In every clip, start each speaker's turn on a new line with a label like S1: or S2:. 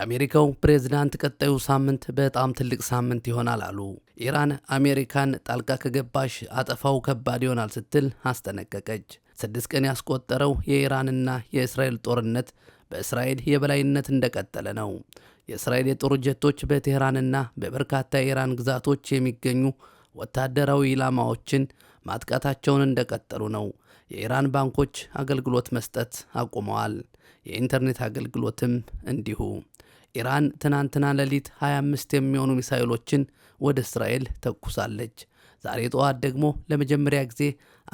S1: የአሜሪካው ፕሬዝዳንት ቀጣዩ ሳምንት በጣም ትልቅ ሳምንት ይሆናል አሉ። ኢራን አሜሪካን ጣልቃ ከገባሽ አጠፋው ከባድ ይሆናል ስትል አስጠነቀቀች። ስድስት ቀን ያስቆጠረው የኢራንና የእስራኤል ጦርነት በእስራኤል የበላይነት እንደቀጠለ ነው። የእስራኤል የጦር ጀቶች በቴህራንና በበርካታ የኢራን ግዛቶች የሚገኙ ወታደራዊ ኢላማዎችን ማጥቃታቸውን እንደቀጠሉ ነው። የኢራን ባንኮች አገልግሎት መስጠት አቁመዋል። የኢንተርኔት አገልግሎትም እንዲሁ። ኢራን ትናንትና ሌሊት 25 የሚሆኑ ሚሳይሎችን ወደ እስራኤል ተኩሳለች። ዛሬ ጠዋት ደግሞ ለመጀመሪያ ጊዜ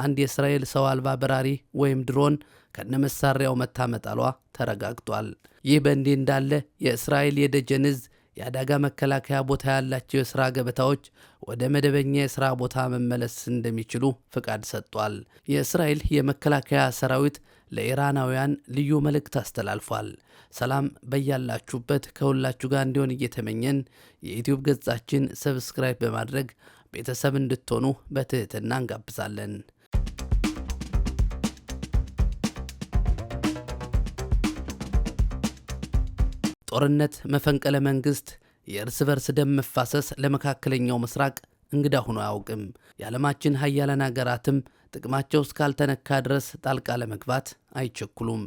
S1: አንድ የእስራኤል ሰው አልባ በራሪ ወይም ድሮን ከነመሳሪያው መታ መጣሏ ተረጋግጧል። ይህ በእንዲህ እንዳለ የእስራኤል የደጀን እዝ የአደጋ መከላከያ ቦታ ያላቸው የሥራ ገበታዎች ወደ መደበኛ የሥራ ቦታ መመለስ እንደሚችሉ ፍቃድ ሰጥቷል። የእስራኤል የመከላከያ ሰራዊት ለኢራናውያን ልዩ መልእክት አስተላልፏል። ሰላም በያላችሁበት ከሁላችሁ ጋር እንዲሆን እየተመኘን የዩትዩብ ገጻችን ሰብስክራይብ በማድረግ ቤተሰብ እንድትሆኑ በትህትና እንጋብዛለን። ጦርነት፣ መፈንቀለ መንግስት፣ የእርስ በርስ ደም መፋሰስ ለመካከለኛው ምስራቅ እንግዳ ሆኖ አያውቅም። የዓለማችን ሀያላን አገራትም ጥቅማቸው እስካልተነካ ድረስ ጣልቃ ለመግባት አይቸኩሉም።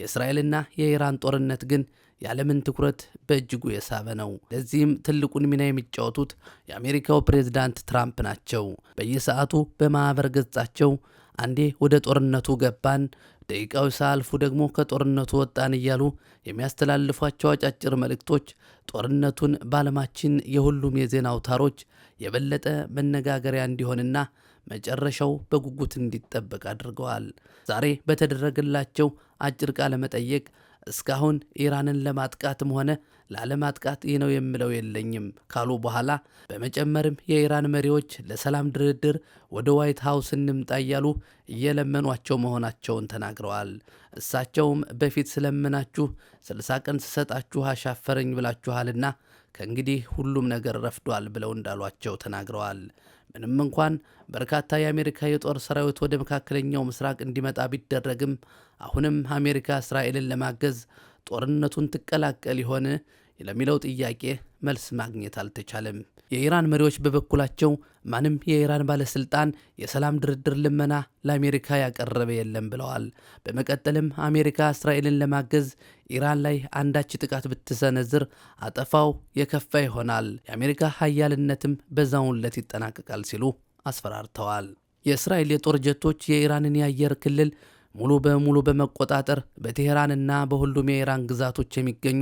S1: የእስራኤልና የኢራን ጦርነት ግን የዓለምን ትኩረት በእጅጉ የሳበ ነው። ለዚህም ትልቁን ሚና የሚጫወቱት የአሜሪካው ፕሬዝዳንት ትራምፕ ናቸው። በየሰዓቱ በማኅበር ገጻቸው አንዴ ወደ ጦርነቱ ገባን፣ ደቂቃዊ ሳልፉ ደግሞ ከጦርነቱ ወጣን እያሉ የሚያስተላልፏቸው አጫጭር መልእክቶች ጦርነቱን በዓለማችን የሁሉም የዜና አውታሮች የበለጠ መነጋገሪያ እንዲሆንና መጨረሻው በጉጉት እንዲጠበቅ አድርገዋል። ዛሬ በተደረገላቸው አጭር ቃለ መጠየቅ እስካሁን ኢራንን ለማጥቃትም ሆነ ላለማጥቃት ይህ ነው የምለው የለኝም ካሉ በኋላ በመጨመርም የኢራን መሪዎች ለሰላም ድርድር ወደ ዋይት ሀውስ እንምጣ እያሉ እየለመኗቸው መሆናቸውን ተናግረዋል። እሳቸውም በፊት ስለምናችሁ ስልሳ ቀን ስሰጣችሁ አሻፈረኝ ብላችኋልና ከእንግዲህ ሁሉም ነገር ረፍዷል ብለው እንዳሏቸው ተናግረዋል። ምንም እንኳን በርካታ የአሜሪካ የጦር ሰራዊት ወደ መካከለኛው ምስራቅ እንዲመጣ ቢደረግም አሁንም አሜሪካ እስራኤልን ለማገዝ ጦርነቱን ትቀላቀል ይሆን ለሚለው ጥያቄ መልስ ማግኘት አልተቻለም። የኢራን መሪዎች በበኩላቸው ማንም የኢራን ባለስልጣን የሰላም ድርድር ልመና ለአሜሪካ ያቀረበ የለም ብለዋል። በመቀጠልም አሜሪካ እስራኤልን ለማገዝ ኢራን ላይ አንዳች ጥቃት ብትሰነዝር አጠፋው የከፋ ይሆናል፣ የአሜሪካ ሀያልነትም በዛውን ይጠናቀቃል ሲሉ አስፈራርተዋል። የእስራኤል የጦር ጀቶች የኢራንን የአየር ክልል ሙሉ በሙሉ በመቆጣጠር በቴሄራንና በሁሉም የኢራን ግዛቶች የሚገኙ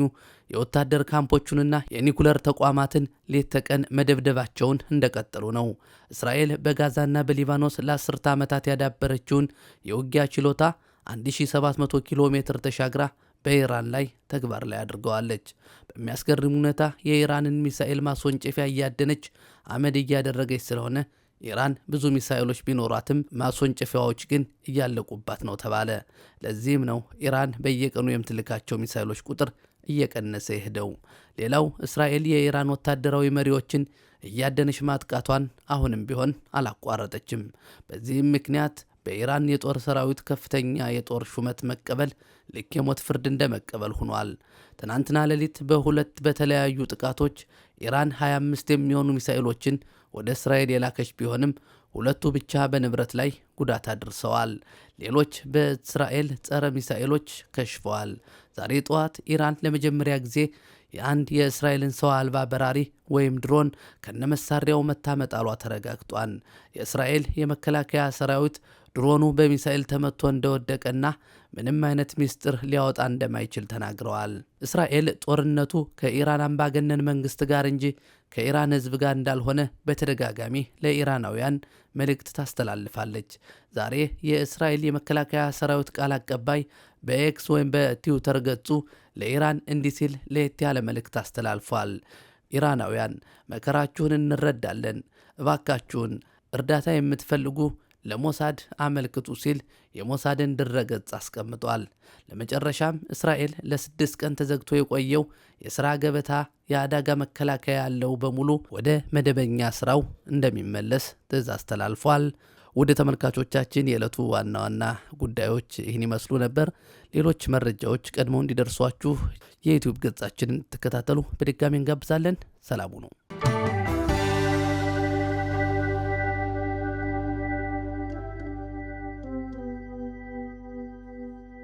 S1: የወታደር ካምፖቹንና የኒኩለር ተቋማትን ሌት ተቀን መደብደባቸውን እንደቀጠሉ ነው። እስራኤል በጋዛና በሊባኖስ ለአስርተ ዓመታት ያዳበረችውን የውጊያ ችሎታ 1700 ኪሎ ሜትር ተሻግራ በኢራን ላይ ተግባር ላይ አድርገዋለች። በሚያስገርም ሁኔታ የኢራንን ሚሳኤል ማስወንጨፊያ እያደነች አመድ እያደረገች ስለሆነ ኢራን ብዙ ሚሳኤሎች ቢኖሯትም ማስወንጨፊያዎች ግን እያለቁባት ነው ተባለ። ለዚህም ነው ኢራን በየቀኑ የምትልካቸው ሚሳኤሎች ቁጥር እየቀነሰ ይሄደው። ሌላው እስራኤል የኢራን ወታደራዊ መሪዎችን እያደነች ማጥቃቷን አሁንም ቢሆን አላቋረጠችም። በዚህም ምክንያት በኢራን የጦር ሰራዊት ከፍተኛ የጦር ሹመት መቀበል ልክ የሞት ፍርድ እንደ መቀበል ሆኗል። ትናንትና ሌሊት በሁለት በተለያዩ ጥቃቶች ኢራን 25 የሚሆኑ ሚሳኤሎችን ወደ እስራኤል የላከች ቢሆንም ሁለቱ ብቻ በንብረት ላይ ጉዳት አድርሰዋል። ሌሎች በእስራኤል ጸረ ሚሳኤሎች ከሽፈዋል። ዛሬ ጠዋት ኢራን ለመጀመሪያ ጊዜ የአንድ የእስራኤልን ሰው አልባ በራሪ ወይም ድሮን ከነመሳሪያው መታመጣሏ ተረጋግጧል። የእስራኤል የመከላከያ ሰራዊት ድሮኑ በሚሳኤል ተመቶ እንደወደቀና ምንም አይነት ሚስጥር ሊያወጣ እንደማይችል ተናግረዋል። እስራኤል ጦርነቱ ከኢራን አምባገነን መንግስት ጋር እንጂ ከኢራን ሕዝብ ጋር እንዳልሆነ በተደጋጋሚ ለኢራናውያን መልእክት ታስተላልፋለች። ዛሬ የእስራኤል የመከላከያ ሰራዊት ቃል አቀባይ በኤክስ ወይም በትዊተር ገጹ ለኢራን እንዲህ ሲል ለየት ያለ መልእክት አስተላልፏል። ኢራናውያን መከራችሁን እንረዳለን። እባካችሁን እርዳታ የምትፈልጉ ለሞሳድ አመልክቱ ሲል የሞሳድን ድረገጽ አስቀምጧል። ለመጨረሻም እስራኤል ለስድስት ቀን ተዘግቶ የቆየው የሥራ ገበታ የአደጋ መከላከያ ያለው በሙሉ ወደ መደበኛ ስራው እንደሚመለስ ትዕዛዝ ተላልፏል። ውድ ተመልካቾቻችን የዕለቱ ዋና ዋና ጉዳዮች ይህን ይመስሉ ነበር። ሌሎች መረጃዎች ቀድሞ እንዲደርሷችሁ የዩትዩብ ገጻችንን ትከታተሉ በድጋሚ እንጋብዛለን። ሰላሙ ነው።